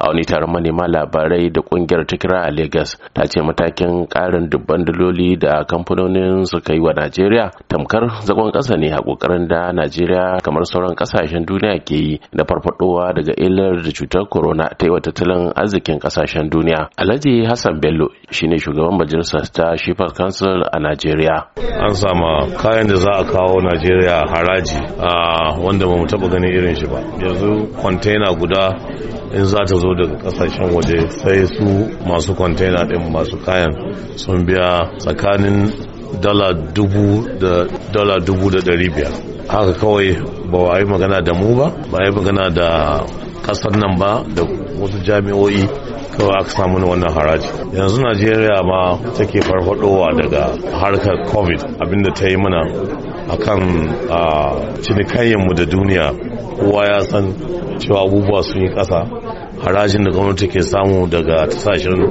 a wani taron manema labarai da kungiyar ta kira a Lagos ta ce matakin karin dubban daloli da kamfanonin suka yi wa Najeriya tamkar zagon ƙasa ne a kokarin da Najeriya kamar sauran kasashen duniya ke yi da farfadowa daga illar da cutar corona ta yi wa tattalin arzikin kasashen duniya. Alhaji Hassan Bello shine shugaban majalisar ta Shifar Council a Najeriya. An sama kayan da za a kawo Najeriya haraji ah, wanda ba mu taɓa ganin irin shi ba. Yanzu kwantena guda in za ta zo daga kasashen waje sai su masu kwantena ɗin masu kayan sun biya tsakanin dala dubu da dala dubu da dari biyar haka kawai ba a yi magana da mu ba ba yi magana da kasar nan ba da wasu jami'o'i kawai aka samu wannan haraji yanzu najeriya ma take farfadowa daga harkar covid abinda ta yi mana a kan akan cinikayyanmu da duniya kowa ya san cewa abubuwa sun yi ƙasa harajin da gwamnati ke samu daga tasashen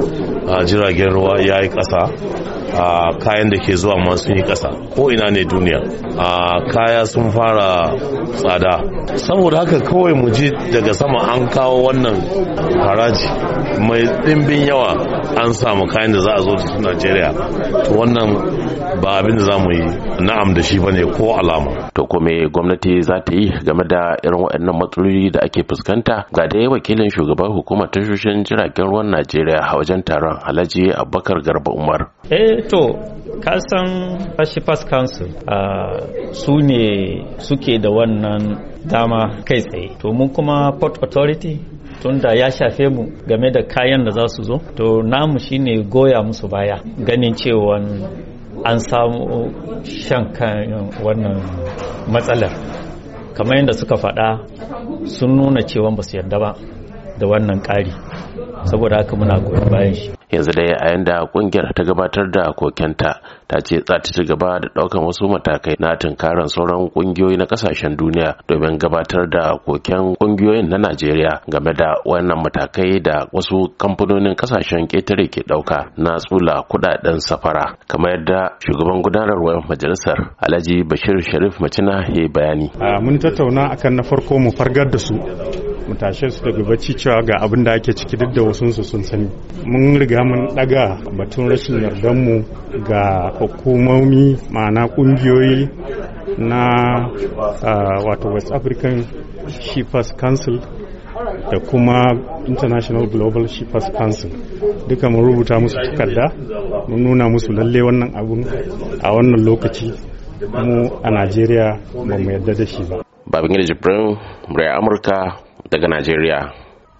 jiragen ruwa ya yi ƙasa a kayan da ke zuwa ma sun yi ƙasa ko ina ne duniya a kaya sun fara tsada saboda haka kawai mu ji daga sama an kawo wannan haraji mai ɗimbin yawa an samu kayan da za a zo su najeriya to wannan ba abin da za mu yi na'am da shi ba ne ko alama. To kuma gwamnati za ta yi game da irin waɗannan matsaloli da ake fuskanta ga dai wakilin shugaban shugaban hukumar tashoshin jiragen ruwan najeriya a wajen taron alhaji abubakar garba umar eh to kasan shippers council ah, su ne suke da wannan dama kai tsaye to mun kuma port authority tunda ya shafe mu game da kayan da za su zo to namu shine goya musu baya ganin cewa an samu shan kayan wannan matsalar kamar yadda suka faɗa sun nuna cewa ba su yarda ba da wannan ƙari saboda haka muna goyon bayan shi yanzu dai a yanda kungiyar ta gabatar da kokenta ta ce za ta ci gaba da daukan wasu matakai na tunkaran sauran kungiyoyi na kasashen duniya domin gabatar da koken kungiyoyin na najeriya game da wannan matakai da wasu kamfanonin kasashen ketare ke dauka na tsula kudaden safara kamar yadda shugaban gudanarwar majalisar alhaji bashir sharif macina ya bayani mun tattauna akan na farko mu fargar da su mu su daga bacci cewa ga abin da ake ciki duk da wasu su sun sani mun riga mun daga batun rashin yardar mu ga hukumomi ma'ana kungiyoyi na wato West African Shippers Council da kuma International Global Shippers Council duka mun rubuta musu takarda mun nuna musu lalle wannan abun a wannan lokaci mu a Najeriya ba mu yarda da shi ba. Babangida Jibrin, Murai Amurka, daga Najeriya.